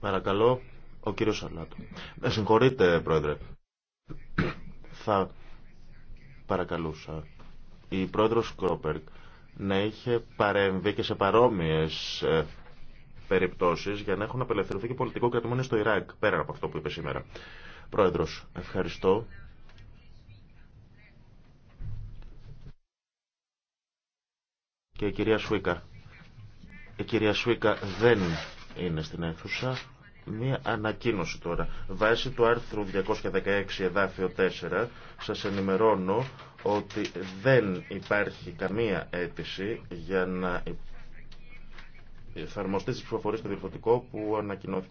Παρακαλώ, ο κύριο Σαλάτο. Με συγχωρείτε, Πρόεδρε. Θα παρακαλούσα η πρόεδρο Κρόπερκ να είχε παρέμβει και σε παρόμοιες ε, περιπτώσεις για να έχουν απελευθερωθεί και πολιτικό κρατημόνιο στο Ιράκ, πέρα από αυτό που είπε σήμερα. Πρόεδρος, ευχαριστώ. Και η κυρία Σουίκα. Η κυρία Σουίκα δεν είναι στην αίθουσα. Μία ανακοίνωση τώρα. Βάσει του άρθρου 216 εδάφιο 4 σας ενημερώνω ότι δεν υπάρχει καμία αίτηση για να εφαρμοστεί στις ψηφοφορίες στο διευθυντικό που ανακοινώθηκε.